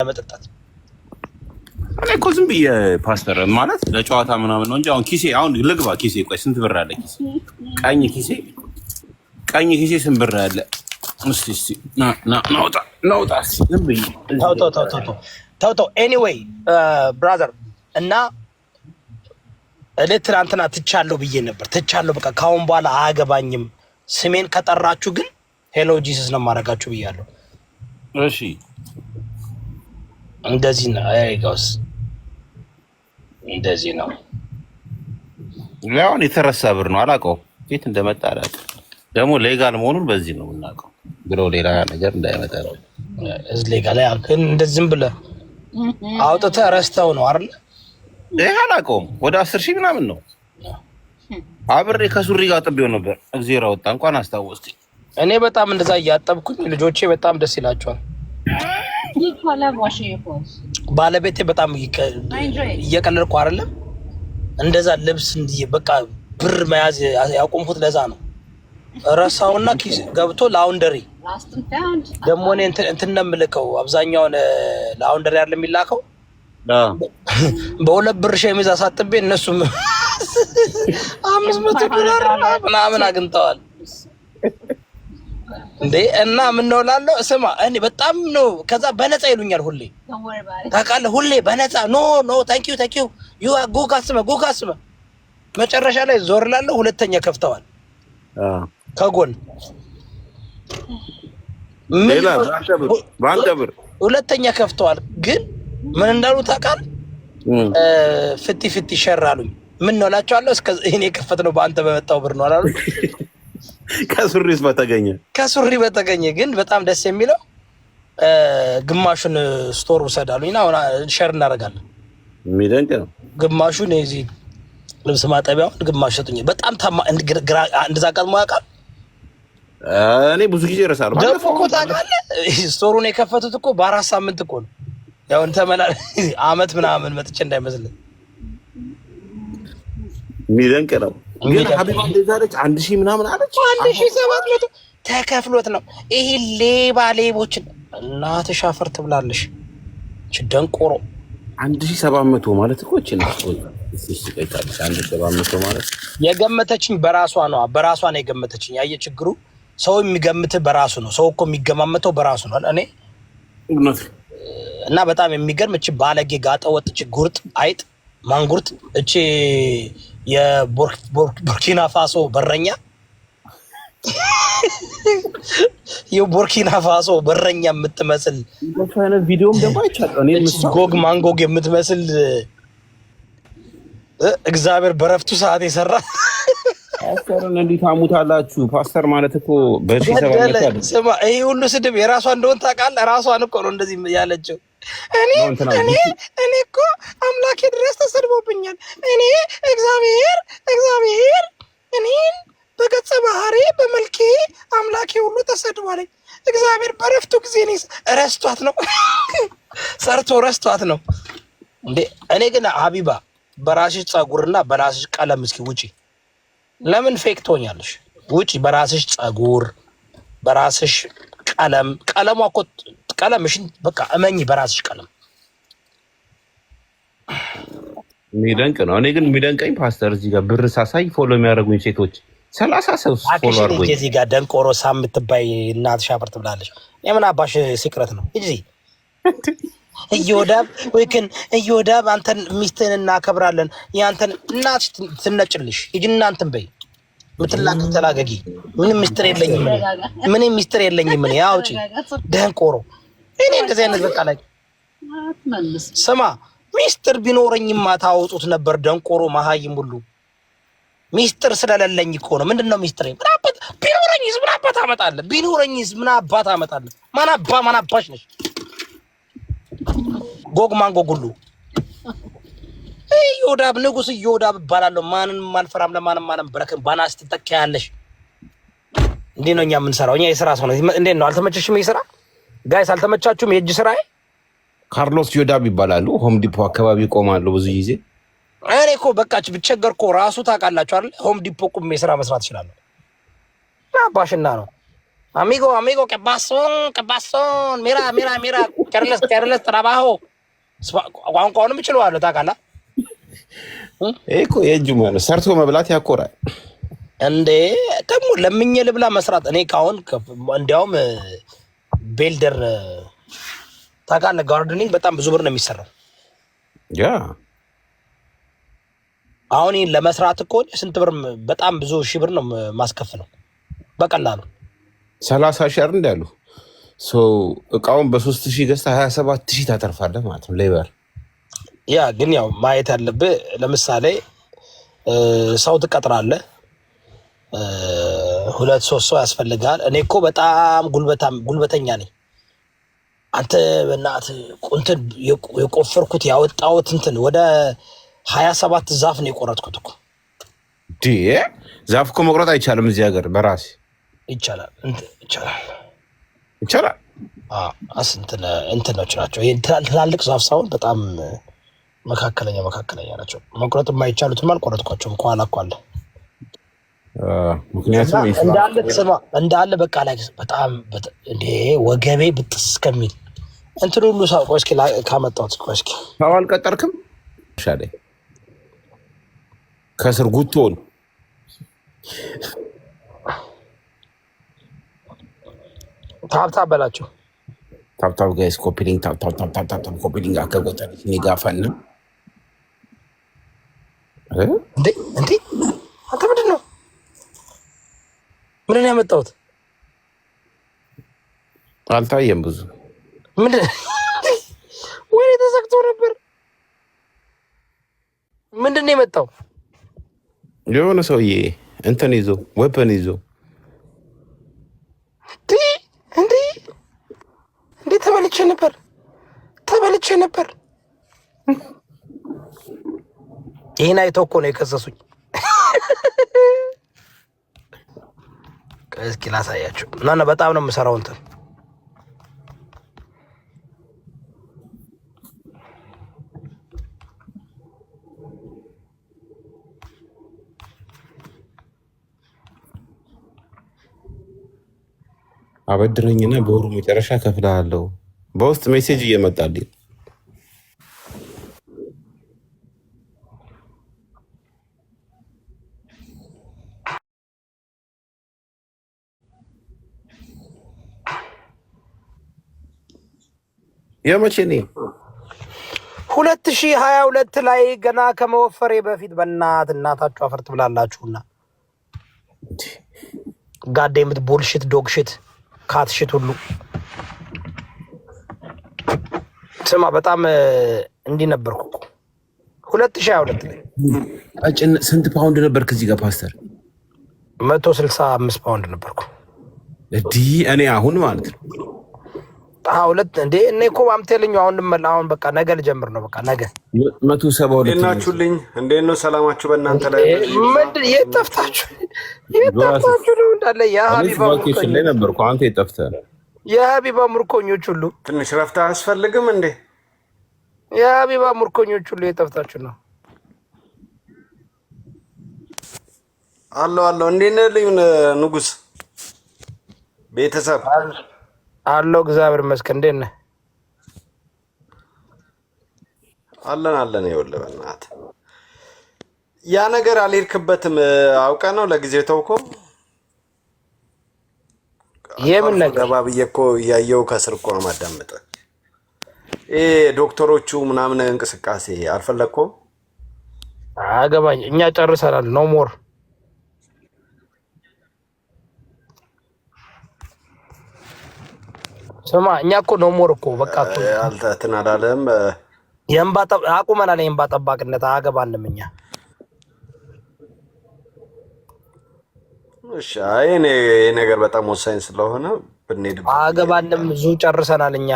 ለመጠጣት እኔ እኮ ዝም ብዬ ፓስተር ማለት ለጨዋታ ምናምን ነው እንጂ አሁን ኪሴ አሁን ልግባ ኪሴ ቆይ ስንት ብር አለ ኪሴ ቀኝ ኪሴ ቀኝ ኪሴ ስንት ብር አለ እስቲ እስቲ ና ና ናውጣ ናውጣ ዝም ብዬ ተው ተው ኤኒዌይ ብራዘር uh, እና እኔ ትናንትና ትቻለሁ ብዬ ነበር ትቻለሁ በቃ ከአሁን በኋላ አያገባኝም ስሜን ከጠራችሁ ግን ሄሎ ጂሰስ ነው የማደርጋችሁ ብያለሁ እሺ እንደዚህ ነው። አይጋውስ እንደዚህ ነው። ያውን የተረሳ ብር ነው። አላውቀው የት እንደመጣ አላውቀው። ደግሞ ሌጋል መሆኑን በዚህ ነው የምናውቀው ብሎ ሌላ ነገር እንዳይመጣ ነው። እዚ ሌጋል ያክን እንደዚህም ዝም ብለህ አውጥተህ ረስተው ነው አይደል? ይህ አላውቀውም። ወደ አስር ሺህ ምናምን ነው አብሬ ከሱሪ ጋር ጥቤው ነበር። እግዜር አወጣ እንኳን አስታወስኩኝ። እኔ በጣም እንደዛ እያጠብኩኝ ልጆቼ በጣም ደስ ይላቸዋል። ባለቤቴ በጣም እየቀለድኩ አይደለም። እንደዛ ልብስ በቃ ብር መያዝ ያቆምኩት ለዛ ነው። ረሳውና ኪስ ገብቶ ላውንደሪ ደግሞ እኔ እንትን አብዛኛውን ላውንደሪ ያለ የሚላከው በሁለት ብር ሸሚዝ አሳጥቤ እነሱም አምስት መቶ ዶላር ምናምን አግኝተዋል። እንዴ እና ምን ነው እላለሁ። ስማ እኔ በጣም ነው። ከዛ በነፃ ይሉኛል ሁሌ ታውቃለህ፣ ሁሌ በነፃ ኖ ኖ ታንኪዩ ታንኪዩ ዩ ጉጋ ስመ ጉጋ ስመ መጨረሻ ላይ ዞር እላለሁ። ሁለተኛ ከፍተዋል ከጎን ሁለተኛ ከፍተዋል። ግን ምን እንዳሉ ታውቃለህ? ፍቲ ፍቲ ሸር አሉኝ። ምን ነው እላቸዋለሁ። እስከ እኔ የከፈትነው በአንተ በመጣው ብር ነው አላሉ ከሱሪስ በተገኘ ከሱሪ በተገኘ ግን በጣም ደስ የሚለው ግማሹን ስቶር ውሰድ አሉኝና ሸር እናደርጋለን። የሚደንቅ ነው። ግማሹን የዚህ ልብስ ማጠቢያውን ግማሽ ሰጡኝ። በጣም ታማ እንደዛ ቃል ማቃል እኔ ብዙ ጊዜ ረሳሉ። ደፎ እኮ ታውቃለህ ስቶሩን የከፈቱት እኮ በአራት ሳምንት እኮ ነው። ያው እንተመላ አመት ምናምን መጥቼ እንዳይመስልን የሚደንቅ ነው። ግን ሀቢባ እንደዛ አለች። አንድ ሺህ ምናምን አለች። አንድ ሺህ ሰባት መቶ ተከፍሎት ነው ይሄ ሌባ ሌቦችን እናትሽ አፈር ትብላለሽ። ደንቆሮ አንድ ሺህ ሰባት መቶ ማለት እኮ የገመተችኝ በራሷ ነው። በራሷ ነው የገመተችኝ። ያየ ችግሩ ሰው የሚገምት በራሱ ነው። ሰው እኮ የሚገማመተው በራሱ ነው። እኔ እና በጣም የሚገርም እቺ ባለጌ ጋጠወጥ እቺ ጉርጥ አይጥ ማንጉርት እቺ የቡርኪና ፋሶ በረኛ የቡርኪና ፋሶ በረኛ የምትመስል ቪዲዮም ደግሞ አይቻለሁ። ጎግ ማንጎግ የምትመስል እግዚአብሔር በረፍቱ ሰዓት የሰራ ፓስተርን እንዲህ ታሙታላችሁ። ፓስተር ማለት እኮ በሺ ሰባ ሁሉ ስድብ የራሷ እንደሆን ታውቃለህ። ራሷን እኮ ነው እንደዚህ ያለችው። እኔ እኔ እኔ እኮ አምላኬ ድረስ ተሰድቦብኛል። እኔ እግዚአብሔር እግዚአብሔር እኔን በገጸ ባህሪ በመልኬ አምላኬ ሁሉ ተሰድቧለኝ። እግዚአብሔር በረፍቱ ጊዜ እኔ ረስቷት ነው ሰርቶ ረስቷት ነው እንዴ። እኔ ግን ሀቢባ በራስሽ ጸጉርና በራስሽ ቀለም እስኪ ውጪ። ለምን ፌክ ትሆኛለሽ? ውጪ። በራስሽ ጸጉር በራስሽ ቀለም ቀለሟ እኮ ቀለምሽን በቃ እመኝ በራስሽ ቀለም የሚደንቅ ነው። እኔ ግን የሚደንቀኝ ፓስተር እዚህ ጋር ብር ሳሳይ ፎሎ የሚያደርጉኝ ሴቶች ሰላሳ ሰው ፎሎ እዚህ ጋር ደንቆሮ ሳ የምትባይ ትብላለች። የምን አባሽ ነው አንተን እናከብራለን የአንተን ትነጭልሽ ሂጂ በይ ምትላክ ተላገጊ ምንም ሚስጥር የለኝም፣ ምንም ሚስጥር የለኝም። ያውጪ ደንቆሮ እኔ እንደዚህ አይነት በቃ ላይ ስማ፣ ሚስጥር ቢኖረኝማ ታወጡት ነበር። ደንቆሮ መሀይም ሁሉ ሚስጥር ስለሌለኝ እኮ ነው። ምንድን ነው ሚስጥር? ምን ቢኖረኝስ ምን አባት አመጣለህ? ቢኖረኝስ ምን አባት አመጣለህ? ማናባ ማናባሽ ነሽ? ጎግ ማንጎግ ሁሉ እዮዳብ ንጉስ እዮዳብ እባላለሁ። ማንን አልፈራም፣ ለማንም ማንም ብረክን ባናስ ትተካያለሽ። እንዴት ነው እኛ የምንሰራው? እኛ የስራ ሰው ነው። እንዴት ነው አልተመቸሽም? የስራ ጋይስ አልተመቻችሁም? የእጅ ስራ ካርሎስ ዮዳብ ይባላሉ። ሆም ዲፖ አካባቢ ይቆማሉ ብዙ ጊዜ። እኔ እኮ በቃች ብቸገር እኮ ራሱ ታውቃላችሁ አለ ሆም ዲፖ ቁሜ ስራ መስራት ይችላሉ። አባሽና ነው አሚጎ አሚጎ ቀባሶን ቀባሶን ሚራ ሚራ ሚራ ኬርለስ ኬርለስ ትራባሆ ቋንቋውንም እችለዋለሁ ታውቃላ። እኮ የእጅ ሙያ ነው። ሰርቶ መብላት ያኮራል። እንዴ ደግሞ ለምኜ ልብላ መስራት እኔ ካሁን እንዲያውም ቤልደር ታውቃለህ፣ ጋርድኒንግ በጣም ብዙ ብር ነው የሚሰራው። ያ አሁን ይህን ለመስራት እኮ ስንት ብር? በጣም ብዙ ሺህ ብር ነው ማስከፍለው በቀላሉ ሰላሳ ሺህ አይደል እንዳሉ ሰው እቃውን በሶስት ሺህ ገዝታ ሀያ ሰባት ሺህ ታተርፋለህ ማለት ነው። ሌበር ያ ግን ያው ማየት ያለብህ ለምሳሌ ሰው ትቀጥራለህ ሁለት ሶስት ሰው ያስፈልግሃል። እኔ እኮ በጣም ጉልበተኛ ነኝ። አንተ በእናትህ እንትን የቆፈርኩት ያወጣሁት እንትን ወደ ሀያ ሰባት ዛፍ ነው የቆረጥኩት እኮ ዛፍ እኮ መቁረጥ አይቻልም። እዚህ ሀገር በራሴ ይቻላል ይቻላል ይቻላል። እንትኖች ናቸው ትላልቅ ዛፍ ሳይሆን በጣም መካከለኛ መካከለኛ ናቸው። መቁረጥ የማይቻሉትም አልቆረጥኳቸውም። ከኋላ እኮ አለ ምክንያቱም እንዳለ ስማ እንዳለ በቃ ላይ በጣም እንዴ ወገቤ ብጥስ ከሚል እንትን ሁሉ ሰው ቆይ እስኪ ካመጣሁት ቆይ እስኪ ሰው አልቀጠርክም ሻለኝ ከስር ጉቶን ታብታብ በላቸው። ታብታብ ጋይስ ኮፒሊንግ ታብታብታብታብታብ ኮፒሊንግ አከጎጠር ሚጋፈና እንዴ አንተ ምንድን ነው ወደ እኔ ያመጣሁት አልታየም። ብዙ ምንድን ወይ ተዘግቶ ነበር። ምንድን ነው የመጣው? የሆነ ሰውዬ እንትን ይዞ ወፐን ይዞ እንዴ ተበልቼ ነበር፣ ተበልቼ ነበር። ይህን አይቶኮ እኮ ነው የከሰሱኝ። እስኪ ላሳያችሁ እና በጣም ነው የምሰራው እንትን አበድረኝና በወሩ መጨረሻ ከፍላለሁ። በውስጥ ሜሴጅ እየመጣልኝ የመቼ ነው? ሁለት ሺህ ሀያ ሁለት ላይ ገና ከመወፈሬ በፊት በእናት እናታችሁ አፈር ትብላላችሁና ጋዴ የምት ቦልሽት ዶግሽት ካትሽት ሁሉ ስማ፣ በጣም እንዲህ ነበርኩ። ሁለት ሺህ ሀያ ሁለት ላይ ስንት ፓውንድ ነበርክ? እዚህ ጋር ፓስተር መቶ ስልሳ አምስት ፓውንድ ነበርኩ። እዲህ እኔ አሁን ማለት ነው ሁለት እንዴ እኔ እኮ አምቴልኝ አሁን ልመላ አሁን በቃ ነገ ልጀምር ነው። በቃ ነገ መቶ ሰባ ሁለት ናችሁልኝ? እንዴት ነው ሰላማችሁ? በእናንተ ላይ ምንድን የት ጠፍታችሁ? የት ጠፍታችሁ ነው እንዳለ የሀቢባሽን ላይ ነበርኩ። አንተ የት የሀቢባ ምርኮኞች ሁሉ ትንሽ ረፍት አያስፈልግም እንዴ? የሀቢባ ምርኮኞች ሁሉ የት ጠፍታችሁ ነው? አለሁ አለሁ። እንዴት ነህ ልኝ ንጉስ ቤተሰብ አለው እግዚአብሔር ይመስገን። እንዴት ነህ? አለን አለን። ይኸውልህ በእናትህ ያ ነገር አልሄድክበትም አውቀ ነው ለጊዜው ተውከው። የምን ነገር ገባ ብዬ እኮ እያየሁ ከስር እኮ ነው ማዳመጠ ይሄ ዶክተሮቹ ምናምን እንቅስቃሴ አልፈለግከውም? አገባኝ። እኛ ጨርሰናል። ኖ ሞር ስማ እኛ እኮ ነው ሞር እኮ በቃ እንትን አላለም። አቁመናል። ጠባቅነት እኛ። እሺ አይ እኔ ነገር በጣም ወሳኝ ስለሆነ ብንሄድ ዙ ጨርሰናል እኛ።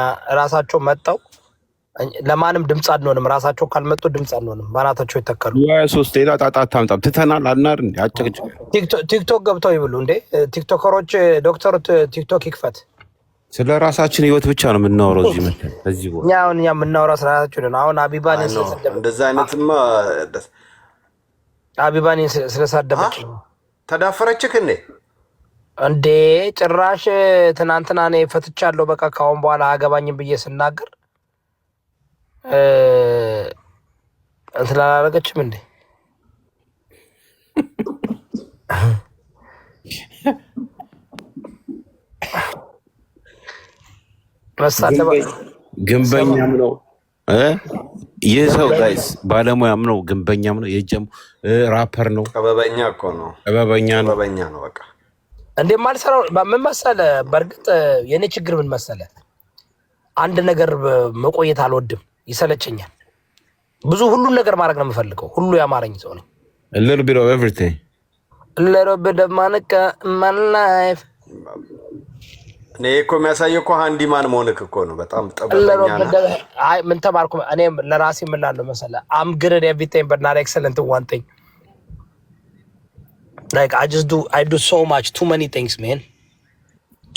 ለማንም ድምፅ አንሆንም። ራሳቸው ካልመጡ ድምፅ አንሆንም። ባናታቸው ይተከሉ። ሶስት ሌላ ጣጣ ትተናል። አናር ቲክቶክ ገብተው ይብሉ እንዴ ቲክቶከሮች። ዶክተር ቲክቶክ ይክፈት ስለ ራሳችን ህይወት ብቻ ነው የምናወራው። እዚህ ምን እዚህ ቦታ አሁን እኛ የምናወራው ስለ ራሳችን ነው። አሁን አቢባን እንደዛ አይነትማ አቢባን ስለሳደበች ተዳፈረችክ እንዴ? እንዴ ጭራሽ ትናንትና እኔ ፈትቻለሁ። በቃ ካሁን በኋላ አገባኝም ብዬ ስናገር እንትን አላደረገችም እንዴ? ግንበኛም ነው ይህ ሰው ጋይስ፣ ባለሙያም ነው፣ ግንበኛም ነው፣ የጀም ራፐር ነው፣ ጥበበኛ እኮ ነው፣ ጥበበኛ ነው። በቃ እንዴ ማልሰራው ምን መሰለ፣ በእርግጥ የእኔ ችግር ምን መሰለ፣ አንድ ነገር መቆየት አልወድም፣ ይሰለቸኛል። ብዙ ሁሉን ነገር ማድረግ ነው የምፈልገው። ሁሉ ያማረኝ ሰው ነው። little bit of everything little bit of Monica እኔ እኮ የሚያሳየው እኮ ሃንዲማን መሆንክ እኮ ነው። በጣም ጠበኛ ምን ተማርኩ እኔ ለራሴ የምላለሁ መሰለ አምግርን ኤቭሪቲንግ በት ናት ኤክሰለንት ዋን ቲንግ ላይክ አይ ጀስት ዱ አይ ዱ ሶ ማች ቱ መኒ ቲንግስ ሜን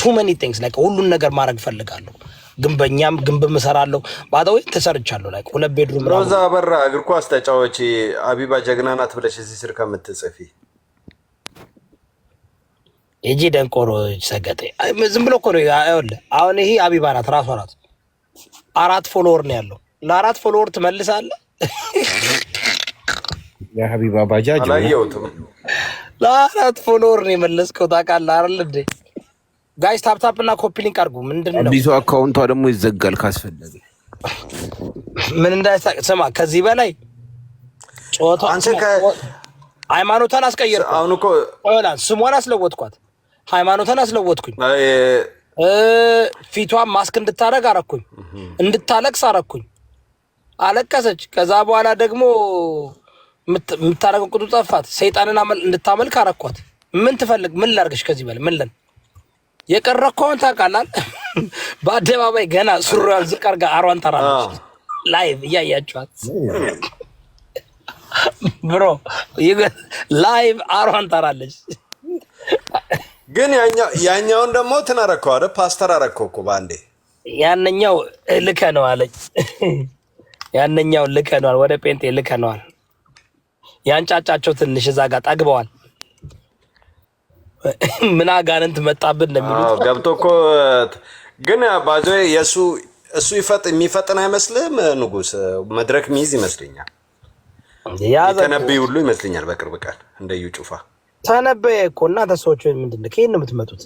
ቱ መኒ ቲንግስ ላይክ ሁሉን ነገር ማድረግ እፈልጋለሁ። ግንበኛም ግንብ እሰራለሁ። ባዳዊ ተሰርቻለሁ። ላይክ ሁለት ቤድሩም ሮዛ አበራ እግር ኳስ ተጫዋች አቢባ ጀግና ናት ብለሽ እዚህ ስር ከምትጽፊ የጂ ደንቆሮ ሰገጠ ዝም ብሎ እኮ ነው። አሁን ይሄ አቢባ ናት፣ ራሷ ናት። አራት ፎሎወር ነው ያለው። ለአራት ፎሎወር ትመልሳለህ? የሀቢባ ባጃጅ ለአራት ፎሎወር ነው የመለስከው። ታውቃለህ አይደል እንዴ? ጋይስ ታፕታፕ እና ኮፒ ሊንክ አድርጉ። ምንድን ነው አዲሱ አካውንቷ ደግሞ ይዘጋል ካስፈለገ። ምን እንዳይሳቅ ስማ፣ ከዚህ በላይ ጾታ ሃይማኖቷን አስቀየርኩ። አሁን እኮ ስሟን አስለወጥኳት። ሃይማኖትን አስለወጥኩኝ። ፊቷን ማስክ እንድታደረግ አረኩኝ፣ እንድታለቅስ አረኩኝ። አለቀሰች። ከዛ በኋላ ደግሞ የምታረገው ቁጡ ጠፋት። ሰይጣንን እንድታመልክ አረኳት። ምን ትፈልግ? ምን ላርግሽ? ከዚህ በል ምን ለን የቀረኳውን ታውቃላል። በአደባባይ ገና ሱሪዋን ዝቅ አርጋ አሯን ተራለች። ላይቭ እያያችኋት ብሮ ላይቭ አሯን ተራለች። ግን ያኛውን ደግሞ እንትን አደረከው አይደል? ፓስተር አደረከው እኮ በአንዴ። ያነኛው ልከ ነው አለኝ። ያነኛው ልከ ነዋል፣ ወደ ጴንጤ ልከ ነዋል። ያንጫጫቸው ትንሽ እዛ ጋር ጠግበዋል። ምን አጋንንት መጣብን ነው የሚሉት። ገብቶ እኮ ግን ባዞ የእሱ እሱ ይፈጥ የሚፈጥን አይመስልም። ንጉስ መድረክ ሚይዝ ይመስለኛል፣ ተነብይ ሁሉ ይመስለኛል። በቅርብ ቀን እንደዩ ጩፋ ተነበየ እኮ እናንተ ሰዎች ምንድን ነው ከየት ነው የምትመጡት?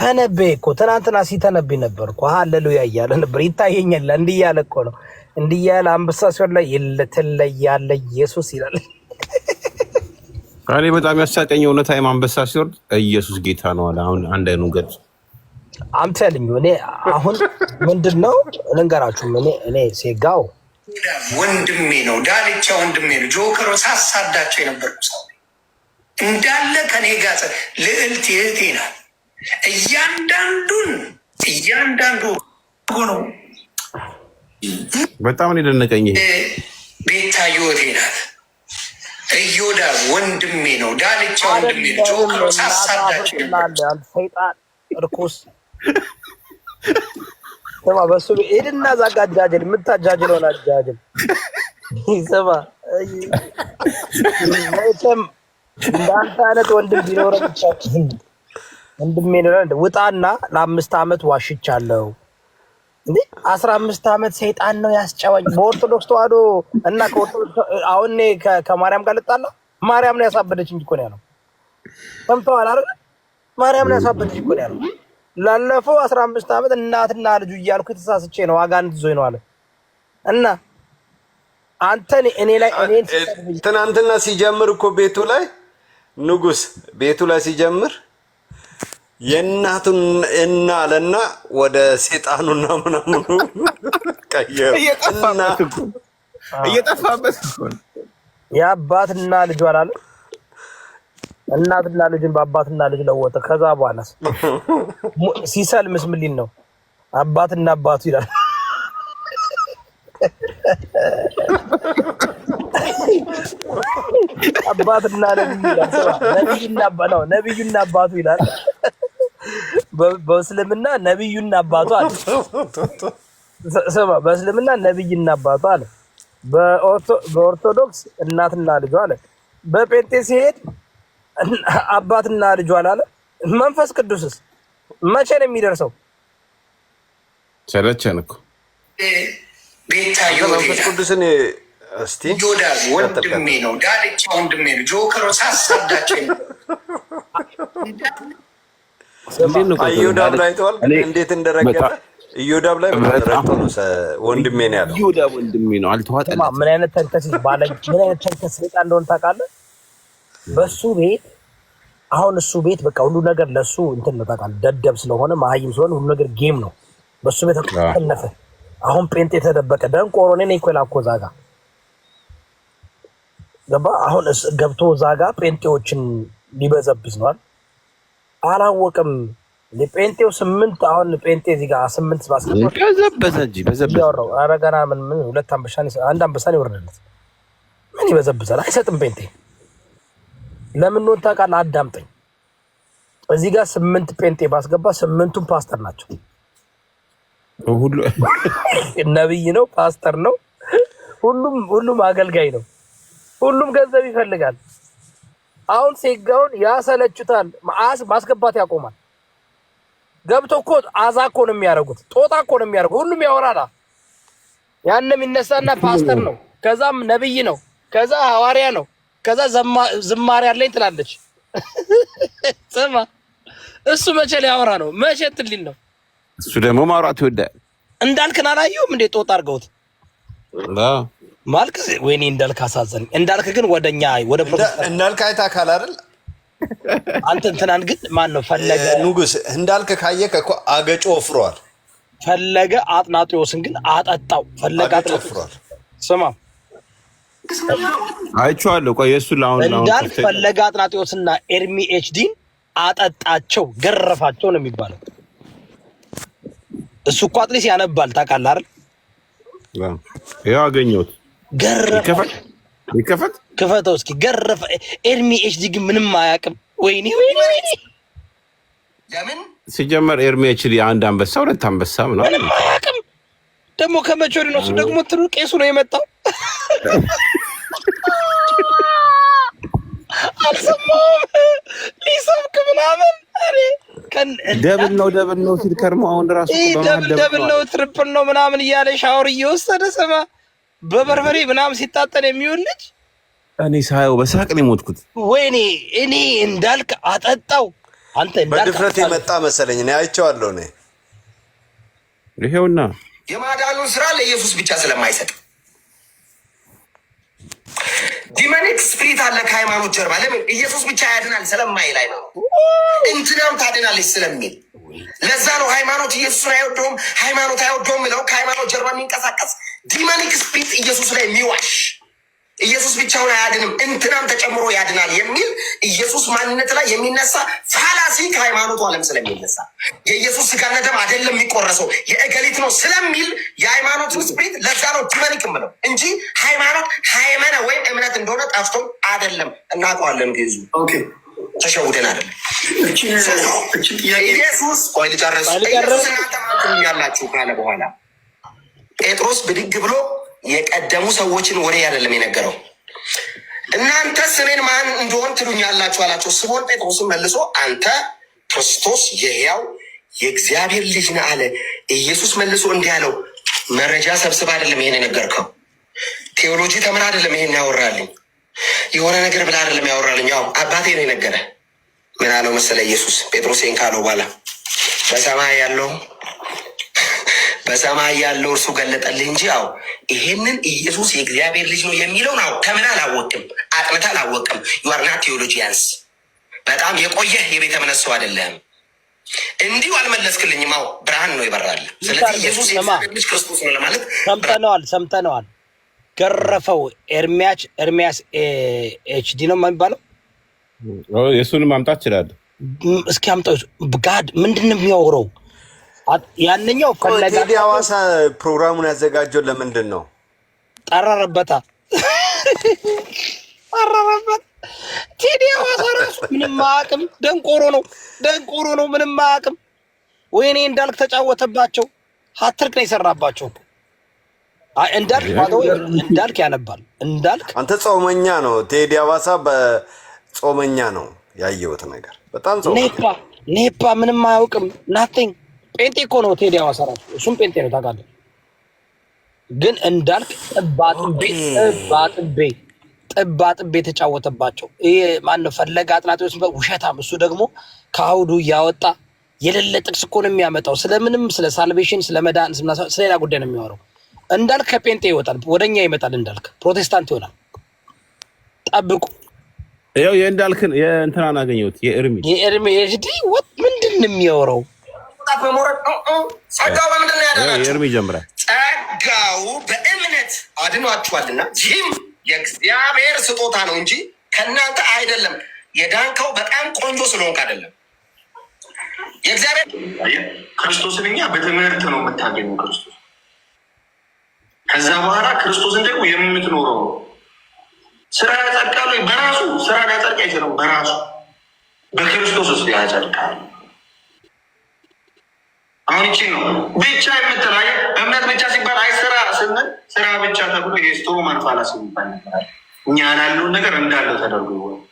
ተነበየ እኮ ትናንትና ሲተነብይ ነበር እኮ ሃሌሉያ እያለ ነበር። ይታየኛል እንዲህ እያለ እኮ ነው እንዲህ እያለ አንበሳ ሲሆን ላይ ትለያለህ ኢየሱስ ይላል። እኔ በጣም ያሳቀኝ እውነት አይም አንበሳ ሲወርድ ኢየሱስ ጌታ ነው አለ። አሁን አንድ አይኑ ገጽ አምተልኝ እኔ አሁን ምንድን ነው ልንገራችሁም እኔ እኔ ሴጋው ወንድሜ ነው ዳልቻ ወንድሜ ነው ጆከሮ ሳሳዳቸው የነበርኩ ሰው እንዳለ ከኔ ጋር ልዕልት እህቴ ናት። እያንዳንዱን እያንዳንዱ ነው። በጣም ነው የደነቀኝ። ቤታ ህይወቴ ናት። እዮዳ ወንድሜ ነው። ዳልቻ ወንድሜ ነው። ሳሳዳቸው ሰይጣን እርኩስ ስማ፣ በሱ ሄድና ዛጋ አጃጅል የምታጃጅለውን አጃጅል ስማ እንዳንተ አይነት ወንድም ቢኖረ ብቻችን ወንድሜ ነው። ውጣና ለአምስት ዓመት ዋሽቻለሁ። እንዴ አስራ አምስት ዓመት ሰይጣን ነው ያስጨዋኝ። በኦርቶዶክስ ተዋህዶ እና አሁን ከማርያም ጋር ልጣላ ማርያም ነው ያሳበደች እንጂ እኮ ነው ያለው። ሰምተዋል አይደል? ማርያም ነው ያሳበደች እኮ ነው ያለው። ላለፈው አስራ አምስት ዓመት እናትና ልጁ እያልኩ የተሳስቼ ነው አጋንንት ዞኝ ነው አለ እና አንተን እኔ ላይ እኔ ትናንትና ሲጀምር እኮ ቤቱ ላይ ንጉስ ቤቱ ላይ ሲጀምር የእናቱን እና አለና ወደ ሴጣኑና ምናምኑ ቀየሩ። እየጠፋበት የአባትና ልጅ አላለ እናትና ልጅን በአባትና ልጅ ለወጠ። ከዛ በኋላ ሲሰል ምን ነው? አባትና አባቱ ይላል። አባትና ነብይ ይላል። ነብዩና አባቱ ይላል። በእስልምና ነብዩና አባቱ አለ። ስማ፣ በእስልምና ነብይና አባቱ አለ። በኦርቶዶክስ እናትና ልጇ አለ። በጴንጤ ሲሄድ አባትና ልጇ አለ። መንፈስ ቅዱስስ መቼ ነው የሚደርሰው? ሰለቸን እኮ ቤታዮ መንፈስ ቅዱስን እስቲ ጆዳ ወንድሜ ነው፣ ዳልቻ ወንድሜ ነው። ጆከሮ ሳሳዳቸው እዮዳብ ላይ ተዋል። እንዴት እንደረገጠ እዮዳብ ላይ ረግጦ ወንድሜ ነው ያለው። እዮዳብ ወንድሜ ነው አልተዋጠለትም። ምን አይነት ተንከስ ባለ ምን አይነት ተንከስ ጣ እንደሆነ ታውቃለህ? በሱ ቤት አሁን እሱ ቤት በቃ ሁሉ ነገር ለእሱ እንትን ነው ታውቃለህ። ደደብ ስለሆነ መሀይም ስለሆነ ሁሉ ነገር ጌም ነው። በሱ ቤት ተነፈ። አሁን ጴንጤ የተደበቀ ደንቆሮ። እኔ ነኝ እኮ የላኮ እዛ ጋር ገባ አሁን ገብቶ እዛ ጋር ጴንጤዎችን ሊበዘብዝ ነዋል። አላወቅም ጴንጤው ስምንት አሁን ጴንጤ እዚህ ጋር ስምንት በዘበዘ እንጂ በዘበዘ ኧረ ገና ምን ምን ሁለት አንበሻን አንድ አንበሳን ይወርድለት ምን ይበዘብዛል? አይሰጥም ጴንጤ ለምን ሆን ታውቃለህ? አዳምጠኝ። እዚህ ጋር ስምንት ጴንጤ ባስገባ ስምንቱን ፓስተር ናቸው። ሁሉ ነብይ ነው፣ ፓስተር ነው፣ ሁሉም ሁሉም አገልጋይ ነው። ሁሉም ገንዘብ ይፈልጋል። አሁን ሴጋውን ያሰለችታል። ማስ ማስገባት ያቆማል። ገብቶ እኮ አዛ እኮ ነው የሚያደርጉት፣ ጦጣ እኮ ነው የሚያደርጉት። ሁሉም ያወራላ። ያን የሚነሳና ፓስተር ነው፣ ከዛም ነብይ ነው፣ ከዛ ሐዋርያ ነው፣ ከዛ ዝማሬ አለኝ ትላለች። ስማ እሱ መቼ ሊያወራ ነው? መቼ ትልል ነው? እሱ ደግሞ ማውራት ይወዳል። እንዳልክን አላየሁም እንዴ? ጦጣ አድርገውት ማልክ ወይኔ እንዳልክ አሳዘን እንዳልክ ግን ወደኛ ወደ እንዳልክ አይታ አካል አይደል አንተ እንትናን ግን ማን ነው ፈለገ ንጉስ እንዳልክ ካየ እኮ አገጮ ወፍሯል። ፈለገ አጥናጥዮስን ግን አጠጣው። ፈለገ አጥናጢ ወፍሯል። ስማ አይቼዋለሁ። ቆይ እሱ ለአሁን እንዳልክ ፈለገ አጥናጥዮስና ኤርሚ ኤችዲን አጠጣቸው፣ ገረፋቸው ነው የሚባለው። እሱ እኮ አጥሊስ ያነባል ታውቃለህ አይደል? ያው አገኘሁት ገረፈ። ክፈተው እስኪ ገረፈ። ኤርሚ ኤችዲ ግን ምንም አያውቅም። ወይኔ ወይኔ ወይኔ። ለምን ሲጀመር ኤርሚ ኤችዲ አንድ አንበሳ ሁለት አንበሳ ምናምን ምንም አያውቅም። ደግሞ ከመቾሪ ነው እሱ ደግሞ ትሩ ቄሱ ነው የመጣው አልሰማሁም ሊሰብክ ምናምን ደብል ነው ደብል ነው ሲል ከርሞ አሁን ራሱ ደብል ነው ትርፕል ነው ምናምን እያለ ሻወር እየወሰደ ስማ በበርበሬ ምናምን ሲታጠን የሚሆን ልጅ እኔ ሳየው በሳቅ ነው የሞትኩት። ወይኔ እኔ እንዳልክ አጠጣው። አንተ በድፍረት የመጣ መሰለኝ። እኔ አይቼዋለሁ። እኔ ይሄውና የማዳኑን ስራ ለኢየሱስ ብቻ ስለማይሰጥ ዲመኒክ ስፕሪት አለ ከሃይማኖት ጀርባ። ለምን ኢየሱስ ብቻ ያድናል ስለማይል ሃይማኖት እንትናም ታድናለች ስለሚል ለዛ ነው ሃይማኖት ኢየሱስን አይወደውም፣ ሃይማኖት አይወደውም የሚለው ከሃይማኖት ጀርባ የሚንቀሳቀስ ዲመኒክ ስፕሪት ኢየሱስ ላይ የሚዋሽ ኢየሱስ ብቻውን አያድንም እንትናም ተጨምሮ ያድናል የሚል ኢየሱስ ማንነት ላይ የሚነሳ ፋላሲ ከሃይማኖቱ ዓለም ስለሚነሳ የኢየሱስ ስጋና ደም አይደለም የሚቆረሰው የእገሊት ነው ስለሚል የሃይማኖትን ስፕሪት ለዛ ነው ቲመኒክ ምለው እንጂ ሃይማኖት ሃይመነ ወይም እምነት እንደሆነ ጠፍቶ አይደለም። እናውቀዋለን። ግዙ ተሸውደን አይደለም። ኢየሱስ ቆይ ልጨርስ። ኢየሱስ እናንተ ያላችሁ ካለ በኋላ ጴጥሮስ ብድግ ብሎ የቀደሙ ሰዎችን ወሬ አይደለም የነገረው። እናንተ ስሜን ማን እንደሆን ትሉኛላችሁ አላቸው። ስምዖን ጴጥሮስን መልሶ አንተ ክርስቶስ የሕያው የእግዚአብሔር ልጅ ነህ አለ። ኢየሱስ መልሶ እንዲህ አለው፣ መረጃ ሰብስብ አይደለም ይሄን የነገርከው፣ ቴዎሎጂ ተምር አይደለም ይሄን ያወራልኝ፣ የሆነ ነገር ብላ አይደለም ያወራልኝ፣ ያው አባቴ ነው የነገረ። ምን አለው መሰለ ኢየሱስ ጴጥሮስ ካለው በኋላ በሰማይ ያለው በሰማይ ያለው እርሱ ገለጠልህ እንጂ አዎ ይሄንን ኢየሱስ የእግዚአብሔር ልጅ ነው የሚለውን አዎ ተምና አላወቅም፣ አጥምታ አላወቅም። ዩርና ቴዎሎጂያንስ በጣም የቆየህ የቤተ እምነት ሰው አይደለህም። እንዲሁ አልመለስክልኝም። አዎ ብርሃን ነው ይበራል። ስለዚህ ኢየሱስ ልጅ ክርስቶስ ነው ለማለት ሰምተነዋል፣ ሰምተነዋል። ገረፈው ኤርሚያች ኤርሚያስ ኤችዲ ነው የሚባለው። የእሱን ማምጣት ይችላል። እስኪ አምጣው። ጋድ ምንድን ነው የሚያወራው? ያንኛው ቴዲ ሐዋሳ ፕሮግራሙን ያዘጋጀው ለምንድን ነው? ጠረረበታ ጠረረበት። ቴዲ ሐዋሳ ራሱ ምንም አያውቅም። ደንቆሮ ነው፣ ደንቆሮ ነው፣ ምንም አያውቅም። ወይኔ እንዳልክ ተጫወተባቸው። ሀትርክ ነው የሰራባቸው። እንዳልክ እንዳልክ ያነባል። እንዳልክ አንተ ጾመኛ ነው። ቴዲ ሐዋሳ በጾመኛ ነው ያየሁት ነገር በጣም ኔፓ ኔፓ ምንም አያውቅም ናቲንግ ጴንጤ እኮ ነው ቴዲ ሐዋሳ ራሱ እሱም ጴንጤ ነው ታውቃለህ። ግን እንዳልክ ጥባጥቤ ጥባጥቤ ጥባጥቤ የተጫወተባቸው ይሄ ማነው ፈለገ አጥናጢዎስ ውሸታም። እሱ ደግሞ ከአውዱ እያወጣ የሌለ ጥቅስ እኮ ነው የሚያመጣው። ስለምንም ስለ ሳልቬሽን፣ ስለ መዳን፣ ስለሌላ ጉዳይ ነው የሚያወራው። እንዳልክ ከጴንጤ ይወጣል፣ ወደኛ ይመጣል። እንዳልክ ፕሮቴስታንት ይሆናል። ጠብቁ። ይኸው የእንዳልክን የእንትናን አገኘሁት የእርሚ የእርሚ ምንድን ነው የሚያወራው? ለማውጣት መሞረድ ጸጋው በምንድን ነው ጸጋው በእምነት አድኗችኋልና ይህም የእግዚአብሔር ስጦታ ነው እንጂ ከእናንተ አይደለም። የዳንከው በጣም ቆንጆ ስለሆንክ አይደለም። የእግዚአብሔር ክርስቶስን እኛ በትምህርት ነው ክርስቶስ ከዛ በኋላ ክርስቶስን ደግሞ የምትኖረው ስራ ያጸድቃሉ። በራሱ ስራ ሊያጸድቅ አይችልም። በራሱ በክርስቶስ ውስጥ ያጸድቃል። አሁን ይቺ ነው ብቻ የምትላይ እምነት ብቻ ሲባል አይሰራ ስንል ስራ ብቻ ተብሎ የስቶ መንፋላስ የሚባል ነበር። እኛ ያለውን ነገር እንዳለው ተደርጎ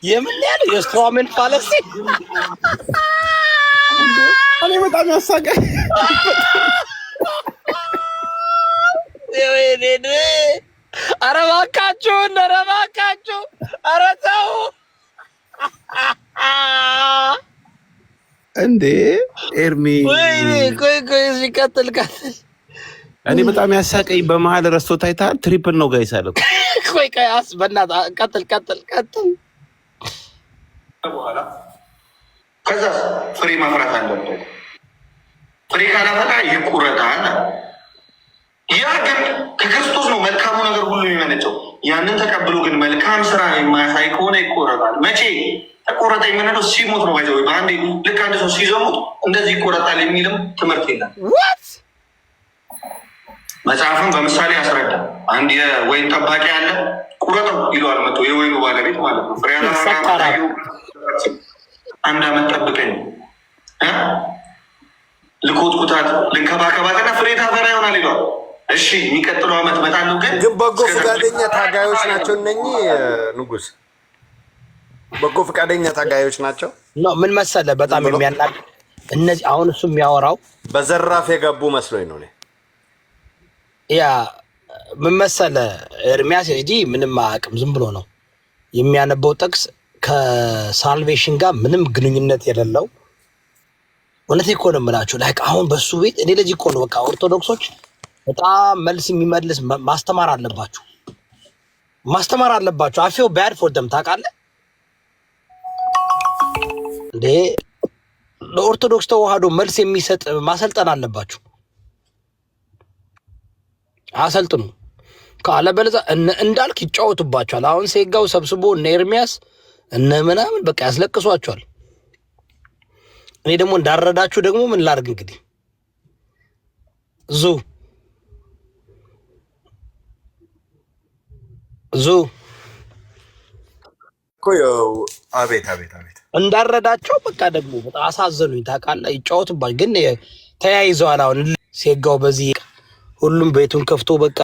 የምን ያለ የስቶ መንፋላስ እኔ በጣም ያሳቀኝ ኧረ እባካችሁን፣ ኧረ እባካችሁ፣ ኧረ ተው እንዴ! ኤርሚ ቆይ ቆይ፣ ቀጥል ቀጥል። እኔ በጣም ያሳቀኝ በመሀል ረስቶ ታይታል። ትሪፕል ነው ጋይስ አለ። ቆይ ቆይ፣ አስ በእናትህ ቀጥል ቀጥል ቀጥል። ከዛ ፍሬ መፍራት አለበት። ፍሬ ካላፈራ ይቁረጣል። ያ ግን ከክርስቶስ ነው መልካሙ ነገር ሁሉ የሚመነጨው። ያንን ተቀብሎ ግን መልካም ስራ የማያሳይ ከሆነ ይቆረጣል። መቼ ተቆረጠ የምንለው ሲሞት ነው። ይዘ በአንድ ልክ አንድ ሰው ሲዘሙት እንደዚህ ይቆረጣል የሚልም ትምህርት የለም። መጽሐፍም በምሳሌ ያስረዳል አንድ የወይን ጠባቂ አለ። ቁረጠው ይለዋል መቶ የወይኑ ባለቤት ማለት ነው። ፍሬ አንድ አመት ጠብቀኝ ልኮት ቁታት ልንከባከባትና ፍሬ ታፈራ ይሆናል ይለዋል። እሺ የሚቀጥለው አመት መጣለው። ግን ግን በጎ ፈቃደኛ ታጋዮች ናቸው እነኚህ ንጉስ በጎ ፈቃደኛ ታጋዮች ናቸው። ምን መሰለ በጣም የሚያናግ እነዚህ አሁን እሱ የሚያወራው በዘራፍ የገቡ መስሎኝ ነው። ያ ምን መሰለ ኤርሚያስ ዲ ምንም አያውቅም፣ ዝም ብሎ ነው የሚያነበው ጥቅስ ከሳልቬሽን ጋር ምንም ግንኙነት የሌለው እውነት እኮ ነው የምላችሁ። ላይክ አሁን በሱ ቤት እኔ ለዚህ እኮ ነው በቃ ኦርቶዶክሶች በጣም መልስ የሚመልስ ማስተማር አለባችሁ፣ ማስተማር አለባችሁ። አፌው ባድ ፎር ደም ታውቃለህ እንዴ ለኦርቶዶክስ ተዋህዶ መልስ የሚሰጥ ማሰልጠን አለባችሁ። አሰልጥኑ። ካለበለዚያ እንዳልክ ይጫወቱባቸዋል። አሁን ሴጋው ሰብስቦ እነ ኤርሚያስ እነ ምናምን በቃ ያስለቅሷቸዋል። እኔ ደግሞ እንዳረዳችሁ ደግሞ ምን ላርግ እንግዲህ ዙ ዙ አቤት አቤት አቤት እንዳረዳቸው በቃ ደግሞ አሳዘኑኝ። ታውቃለህ ይጫወቱባል፣ ግን ተያይዘዋል። አሁን ሴጋው በዚህ ሁሉም ቤቱን ከፍቶ በቃ